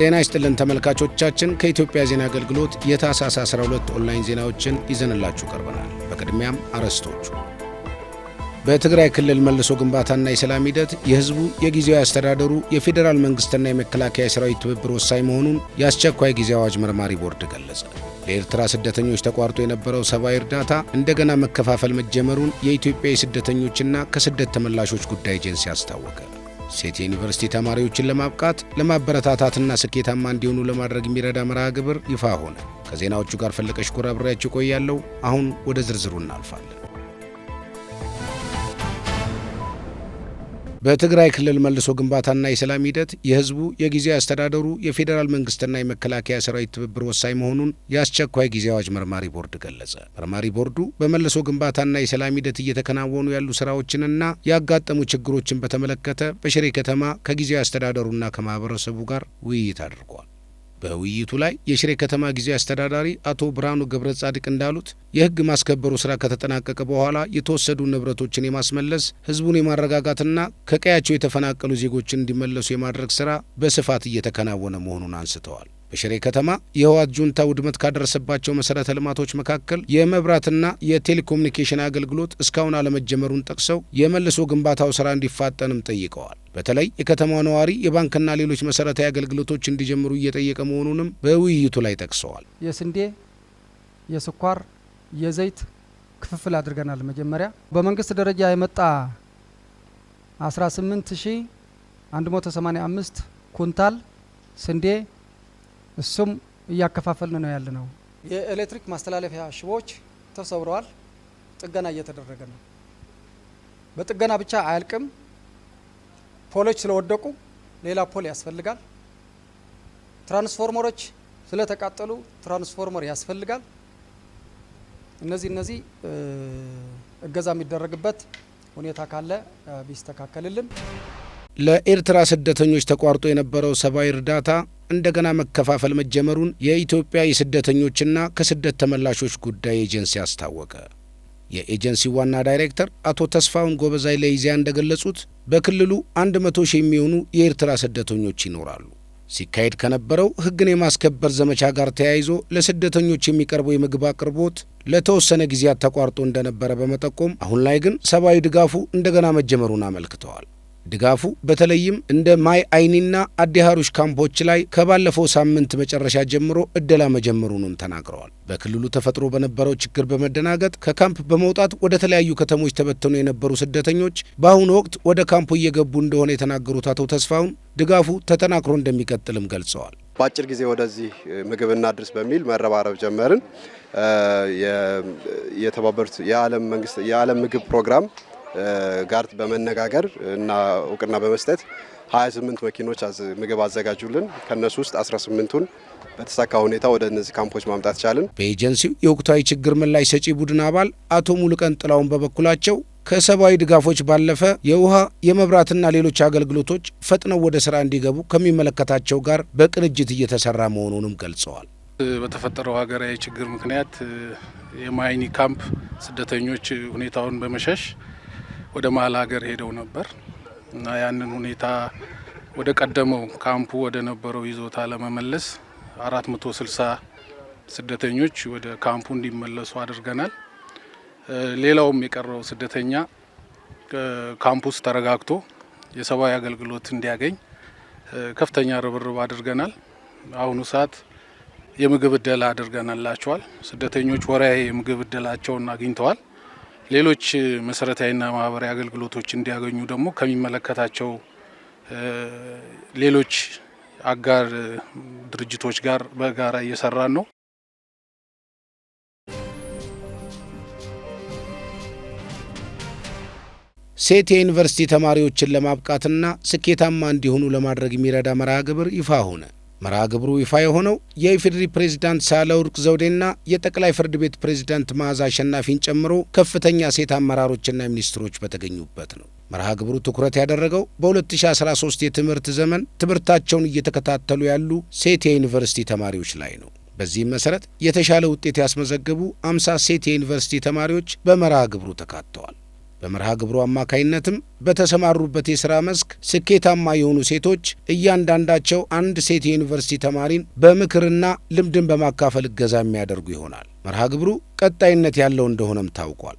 ጤና ይስጥልን ተመልካቾቻችን፣ ከኢትዮጵያ ዜና አገልግሎት የታህሳስ 12 ኦንላይን ዜናዎችን ይዘንላችሁ ቀርበናል። በቅድሚያም አርዕስቶቹ በትግራይ ክልል መልሶ ግንባታና የሰላም ሂደት የህዝቡ፣ የጊዜያዊ አስተዳደሩ፣ የፌዴራል መንግስትና የመከላከያ ሰራዊት ትብብር ወሳኝ መሆኑን የአስቸኳይ ጊዜ አዋጅ መርማሪ ቦርድ ገለጸ። ለኤርትራ ስደተኞች ተቋርጦ የነበረው ሰብአዊ እርዳታ እንደገና መከፋፈል መጀመሩን የኢትዮጵያ የስደተኞችና ከስደት ተመላሾች ጉዳይ ኤጀንሲ አስታወቀ። ሴት የዩኒቨርሲቲ ተማሪዎችን ለማብቃት ለማበረታታትና ስኬታማ እንዲሆኑ ለማድረግ የሚረዳ መርሃ ግብር ይፋ ሆነ። ከዜናዎቹ ጋር ፈለቀሽ ጎራ አብሬያችሁ ቆያለሁ። አሁን ወደ ዝርዝሩ እናልፋለን። በትግራይ ክልል መልሶ ግንባታና የሰላም ሂደት የህዝቡ፣ የጊዜ አስተዳደሩ፣ የፌዴራል መንግስትና የመከላከያ ሰራዊት ትብብር ወሳኝ መሆኑን የአስቸኳይ ጊዜ አዋጅ መርማሪ ቦርድ ገለጸ። መርማሪ ቦርዱ በመልሶ ግንባታና የሰላም ሂደት እየተከናወኑ ያሉ ስራዎችንና ያጋጠሙ ችግሮችን በተመለከተ በሽሬ ከተማ ከጊዜ አስተዳደሩና ከማህበረሰቡ ጋር ውይይት አድርጓል። በውይይቱ ላይ የሽሬ ከተማ ጊዜ አስተዳዳሪ አቶ ብርሃኑ ገብረ ጻድቅ እንዳሉት የህግ ማስከበሩ ስራ ከተጠናቀቀ በኋላ የተወሰዱ ንብረቶችን የማስመለስ ህዝቡን የማረጋጋትና ከቀያቸው የተፈናቀሉ ዜጎችን እንዲመለሱ የማድረግ ስራ በስፋት እየተከናወነ መሆኑን አንስተዋል። በሽሬ ከተማ የህወሓት ጁንታ ውድመት ካደረሰባቸው መሰረተ ልማቶች መካከል የመብራትና የቴሌኮሙኒኬሽን አገልግሎት እስካሁን አለመጀመሩን ጠቅሰው የመልሶ ግንባታው ስራ እንዲፋጠንም ጠይቀዋል። በተለይ የከተማው ነዋሪ የባንክና ሌሎች መሰረታዊ አገልግሎቶች እንዲጀምሩ እየጠየቀ መሆኑንም በውይይቱ ላይ ጠቅሰዋል። የስንዴ፣ የስኳር፣ የዘይት ክፍፍል አድርገናል። መጀመሪያ በመንግስት ደረጃ የመጣ 18185 ኩንታል ስንዴ እሱም እያከፋፈልን ነው ያለ ነው። የኤሌክትሪክ ማስተላለፊያ ሽቦዎች ተሰብረዋል። ጥገና እየተደረገ ነው። በጥገና ብቻ አያልቅም። ፖሎች ስለወደቁ ሌላ ፖል ያስፈልጋል። ትራንስፎርመሮች ስለተቃጠሉ ትራንስፎርመር ያስፈልጋል። እነዚህ እነዚህ እገዛ የሚደረግበት ሁኔታ ካለ ቢስተካከልልን። ለኤርትራ ስደተኞች ተቋርጦ የነበረው ሰብአዊ እርዳታ እንደገና መከፋፈል መጀመሩን የኢትዮጵያ የስደተኞችና ከስደት ተመላሾች ጉዳይ ኤጀንሲ አስታወቀ። የኤጀንሲው ዋና ዳይሬክተር አቶ ተስፋውን ጎበዛይ ለይዚያ እንደገለጹት በክልሉ 100 ሺህ የሚሆኑ የኤርትራ ስደተኞች ይኖራሉ። ሲካሄድ ከነበረው ሕግን የማስከበር ዘመቻ ጋር ተያይዞ ለስደተኞች የሚቀርበው የምግብ አቅርቦት ለተወሰነ ጊዜያት ተቋርጦ እንደነበረ በመጠቆም አሁን ላይ ግን ሰብአዊ ድጋፉ እንደገና መጀመሩን አመልክተዋል። ድጋፉ በተለይም እንደ ማይ አይኒና አዲሃሩሽ ካምፖች ላይ ከባለፈው ሳምንት መጨረሻ ጀምሮ እደላ መጀመሩንም ተናግረዋል። በክልሉ ተፈጥሮ በነበረው ችግር በመደናገጥ ከካምፕ በመውጣት ወደ ተለያዩ ከተሞች ተበተኑ የነበሩ ስደተኞች በአሁኑ ወቅት ወደ ካምፑ እየገቡ እንደሆነ የተናገሩት አቶ ተስፋውን ድጋፉ ተጠናክሮ እንደሚቀጥልም ገልጸዋል። በአጭር ጊዜ ወደዚህ ምግብ እናድርስ በሚል መረባረብ ጀመርን። የተባበሩት የዓለም መንግስት የዓለም ምግብ ፕሮግራም ጋር በመነጋገር እና እውቅና በመስጠት 28 መኪኖች ምግብ አዘጋጁልን። ከነሱ ውስጥ 18ቱን በተሳካ ሁኔታ ወደ እነዚህ ካምፖች ማምጣት ቻልን። በኤጀንሲው የወቅታዊ ችግር ምላሽ ሰጪ ቡድን አባል አቶ ሙሉቀን ጥላውን በበኩላቸው ከሰብአዊ ድጋፎች ባለፈ የውሃ የመብራትና ሌሎች አገልግሎቶች ፈጥነው ወደ ስራ እንዲገቡ ከሚመለከታቸው ጋር በቅንጅት እየተሰራ መሆኑንም ገልጸዋል። በተፈጠረው ሀገራዊ ችግር ምክንያት የማይኒ ካምፕ ስደተኞች ሁኔታውን በመሸሽ ወደ መሀል ሀገር ሄደው ነበር እና ያንን ሁኔታ ወደ ቀደመው ካምፑ ወደ ነበረው ይዞታ ለመመለስ ስልሳ ስደተኞች ወደ ካምፑ እንዲመለሱ አድርገናል። ሌላውም የቀረው ስደተኛ ካምፑስ ተረጋግቶ የሰብአዊ አገልግሎት እንዲያገኝ ከፍተኛ ርብርብ አድርገናል። አሁኑ ሰዓት የምግብ እደላ አድርገናላቸዋል። ስደተኞች ወርሃዊ የምግብ እደላቸውን አግኝተዋል። ሌሎች መሰረታዊና ማህበራዊ አገልግሎቶች እንዲያገኙ ደግሞ ከሚመለከታቸው ሌሎች አጋር ድርጅቶች ጋር በጋራ እየሰራን ነው። ሴት የዩኒቨርሲቲ ተማሪዎችን ለማብቃትና ስኬታማ እንዲሆኑ ለማድረግ የሚረዳ መርሃ ግብር ይፋ ሆነ። መርሃ ግብሩ ይፋ የሆነው የኢፌዴሪ ፕሬዚዳንት ሳህለወርቅ ዘውዴና የጠቅላይ ፍርድ ቤት ፕሬዚዳንት መዓዛ አሸናፊን ጨምሮ ከፍተኛ ሴት አመራሮችና ሚኒስትሮች በተገኙበት ነው። መርሃ ግብሩ ትኩረት ያደረገው በ2013 የትምህርት ዘመን ትምህርታቸውን እየተከታተሉ ያሉ ሴት የዩኒቨርሲቲ ተማሪዎች ላይ ነው። በዚህም መሰረት የተሻለ ውጤት ያስመዘገቡ 50 ሴት የዩኒቨርሲቲ ተማሪዎች በመርሃ ግብሩ ተካተዋል። በመርሃ ግብሩ አማካይነትም በተሰማሩበት የሥራ መስክ ስኬታማ የሆኑ ሴቶች እያንዳንዳቸው አንድ ሴት የዩኒቨርሲቲ ተማሪን በምክርና ልምድን በማካፈል እገዛ የሚያደርጉ ይሆናል። መርሃ ግብሩ ቀጣይነት ያለው እንደሆነም ታውቋል።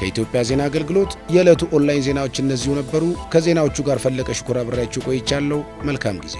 ከኢትዮጵያ ዜና አገልግሎት የዕለቱ ኦንላይን ዜናዎች እነዚሁ ነበሩ። ከዜናዎቹ ጋር ፈለቀ ሽኩር ብሬያችሁ ቆይቻለሁ። መልካም ጊዜ